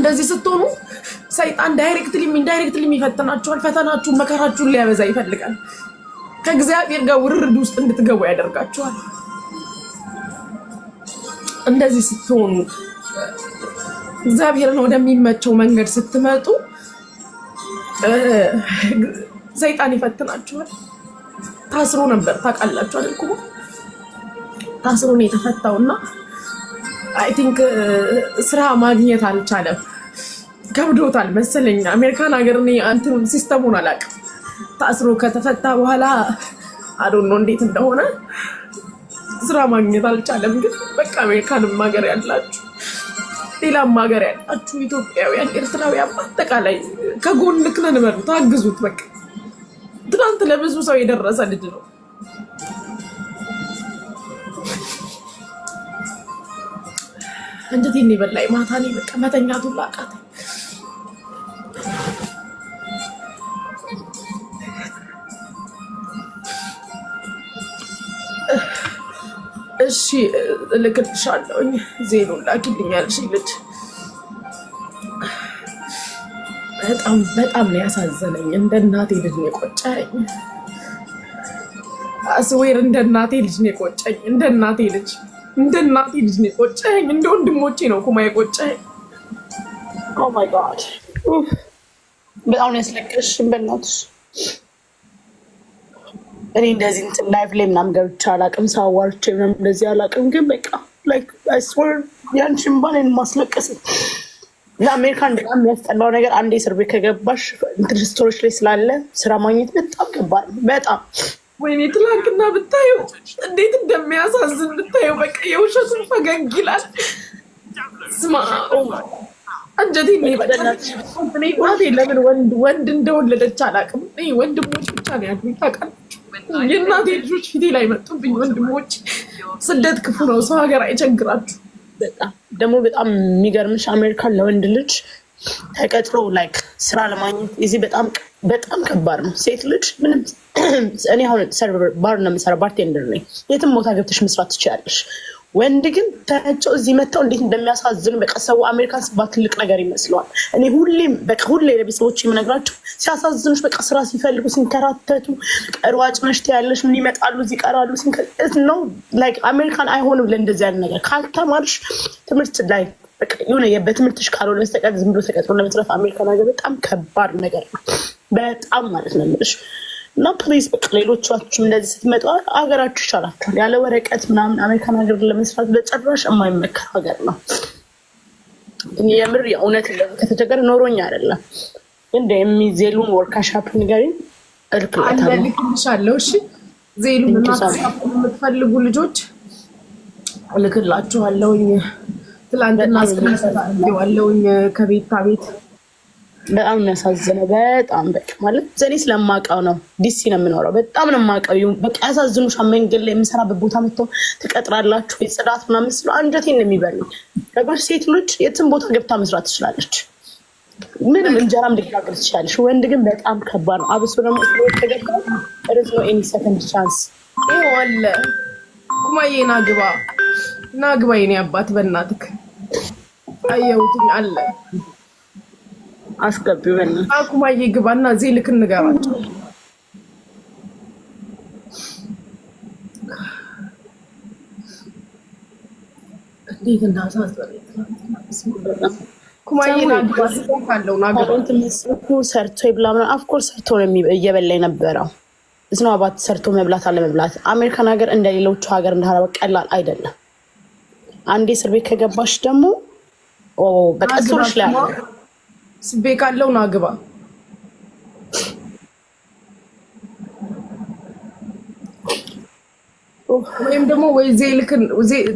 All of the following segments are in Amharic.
እንደዚህ ስትሆኑ ሰይጣን ዳይሬክትሊም ኢንዳይሬክትሊም ይፈትናችኋል። ፈተናችሁን መከራችሁን ሊያበዛ ይፈልጋል። ከእግዚአብሔር ጋር ውርርድ ውስጥ እንድትገቡ ያደርጋችኋል። እንደዚህ ስትሆኑ እግዚአብሔርን ወደሚመቸው መንገድ ስትመጡ ሰይጣን ይፈትናችኋል። ታስሮ ነበር ታውቃላችሁ እኮ ታስሮ ነው የተፈታውና አይ ቲንክ ስራ ማግኘት አልቻለም። ከብዶታል መሰለኝ አሜሪካን ሀገር አንትኑን ሲስተሙን አላውቅም። ታስሮ ከተፈታ በኋላ አዶኖ እንዴት እንደሆነ ስራ ማግኘት አልቻለም። ግን በቃ አሜሪካንም ሀገር ያላችሁ ሌላም ሀገር ያላችሁ ኢትዮጵያውያን፣ ኤርትራውያን በአጠቃላይ ከጎን ልክነ በሉ ታግዙት። በቃ ትናንት ለብዙ ሰው የደረሰ ልጅ ነው። እንጀቴን የበላይ ማታ በቃ መተኛቱን ላቃተኝ እሺ እልክልሻለሁኝ። ዜኑ ላኪልኛል። እሺ ልጅ በጣም በጣም ነው ያሳዘነኝ። እንደ እናቴ ልጅ ነው የቆጨኝ። አስዌር እንደ እናቴ ልጅ ነው የቆጨኝ። እንደ እናቴ ልጅ እንደ እናቴ ልጅ ነው የቆጨኝ። እንደ ወንድሞቼ ነው ኩማ የቆጨኝ። ኦ ማይ ጋድ በጣም ነው ያስለቀሽ በእናትሽ እኔ እንደዚህ እንትን ላይፍ ላይ ምናምን ገብቼ አላቅም፣ ሰው አዋርቼ ምናምን እንደዚህ አላቅም። ግን በቃ ላይክ አይ ስዌር ያንቺን ባሌን ማስለቀስ ለአሜሪካን በጣም የሚያስጠላው ነገር አንድ የእስር ቤት ከገባሽ እንትን ስቶሮች ላይ ስላለ ስራ ማግኘት በጣም ከባድ ነው። በጣም ወይኔ ትላንትና ብታየው እንዴት እንደሚያሳዝን ብታየው፣ በቃ የውሸቱን ፈገግ ይላል ስማ oh አንጀቴ ለምን ወንድ ወንድ እንደወለደች አላውቅም። ወንድሞች ብቻ ነው ያሉኝ ታውቃላችሁ። የእናቴ ልጆች ፊቴ ላይ መጡብኝ ወንድሞች። ስደት ክፉ ነው፣ ሰው ሀገር አይቸግራት። በጣም ደግሞ በጣም የሚገርምሽ አሜሪካን ለወንድ ልጅ ተቀጥሮ ላይክ ስራ ለማግኘት እዚህ በጣም በጣም ከባድ ነው። ሴት ልጅ ምንም እኔ አሁን ሰርቨር ባር ነው የምሰራ ባርቴንደር ነኝ። የትም ቦታ ገብተሽ መስራት ትችላለሽ። ወንድ ግን ታያቸው እዚህ መጥተው እንዴት እንደሚያሳዝኑ በቃ ሰው አሜሪካን ስባ ትልቅ ነገር ይመስለዋል። እኔ ሁሌም በቃ ሁሌ ለቤተሰቦች የምነግራቸው ሲያሳዝኑች በቃ ስራ ሲፈልጉ ሲንከራተቱ ሯጭ መሽት ትያለሽ፣ ምን ይመጣሉ እዚህ ይቀራሉ። ነው ላይክ አሜሪካን አይሆንም ለእንደዚህ ያለ ነገር ካልተማርሽ ትምህርት ላይ የሆነ በትምህርትሽ ካልሆነ በስተቀር ዝም ብሎ ተቀጥሮ ለመስራት አሜሪካን ሀገር በጣም ከባድ ነገር ነው። በጣም ማለት ነው የምልሽ እና ፕሊዝ ሌሎቻችሁ እንደዚህ ስትመጡ ሀገራችሁ ይሻላችኋል። ያለ ወረቀት ምናምን አሜሪካን ሀገር ለመስራት በጭራሽ የማይመከር ሀገር ነው። ግን የምር የእውነት ከተቸገረ ኖሮኛ አይደለም። ግን ደሚ ዜሉን ወርካሻፕ ንገሪኝ እልክልሻለሁ። እሺ ዜሉ የምትፈልጉ ልጆች እልክላችኋለሁኝ። ትላንትና ዋለውኝ ከቤታ ቤት በጣም የሚያሳዝነው በጣም በቃ ማለት ዘኔ ስለማውቀው ነው። ዲሲ ነው የምኖረው። በጣም ነው የማውቀው። በቃ ያሳዝኑሻል። መንገድ ላይ የምሰራበት ቦታ መጥተው ትቀጥራላችሁ የጽዳት ምናምን ስለ አንጀቴን ነው የሚበሉ ነገሮች። ሴት ልጅ የትም ቦታ ገብታ መስራት ትችላለች። ምንም እንጀራም ልጋገር ትችላለች። ወንድ ግን በጣም ከባድ ነው። አብሶ ደግሞ ተገባ ርዝ ነው ኤኒ ሰከንድ ቻንስ ዋለ ኩማዬ ናግባ ናግባ የኔ አባት በእናትክ አየሁትኝ አለ አስገቢ በእናትህ አቁማዬ ግባና እዚህ ልክ እንገባቸው። እንዴት ሰርቶ እየበላ የነበረው። አባት ሰርቶ መብላት አሜሪካን ሀገር እንደ ሌሎቹ ሀገር እንደ ቀላል አይደለም። አንዴ እስር ቤት ከገባሽ ደግሞ ላይ ስቤ ካለው ና ግባ። ወይም ደግሞ ወይ ዜልክን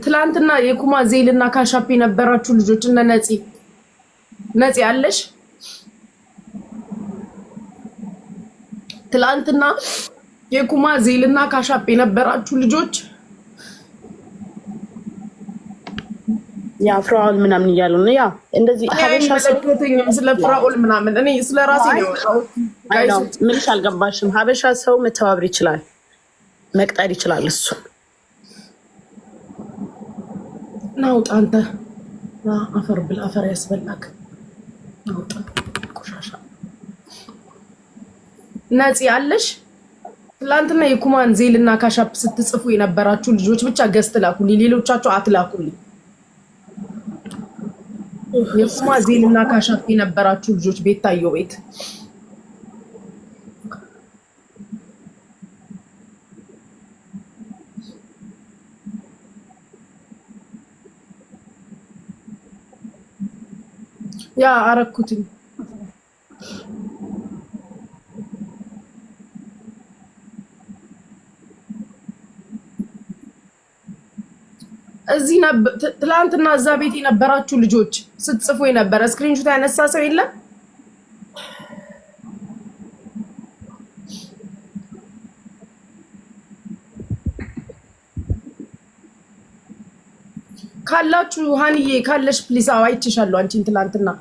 ትላንትና የኩማ ዜልና ካሻፕ የነበራችሁ ልጆች እነ ነፂ ነፂ አለሽ ትላንትና የኩማ ዜልና ካሻፕ የነበራችሁ ልጆች ያ ፍራኦል ምናምን እያሉ ነው። ያ እንደዚህ አይመለከተኝም ስለ ፍራኦል ምናምን፣ እኔ ስለ ራሴ ነው። ምንሽ አልገባሽም? ሀበሻ ሰው መተባበር ይችላል፣ መቅጠር ይችላል። እሱ ናውጣ፣ አንተ አፈር ብል አፈር ያስበላክ ናውጣ፣ ቆሻሻ ነፂ አለሽ። ትላንትና የኩማን ዜልና ካሻፕ ስትጽፉ የነበራችሁ ልጆች ብቻ ገስት ላኩልኝ፣ ሌሎቻችሁ አትላኩልኝ። የሱማ እና ካሻፍ የነበራችሁ ልጆች ቤታየው ቤት ያ አረኩትኝ። እዚህ ትላንትና እዛ ቤት የነበራችሁ ልጆች ስትጽፉ የነበረ ስክሪንሾት ያነሳ ሰው የለም? ካላችሁ ሀንዬ ካለሽ ፕሊስ፣ አይቼሻለሁ አንቺን ትላንትና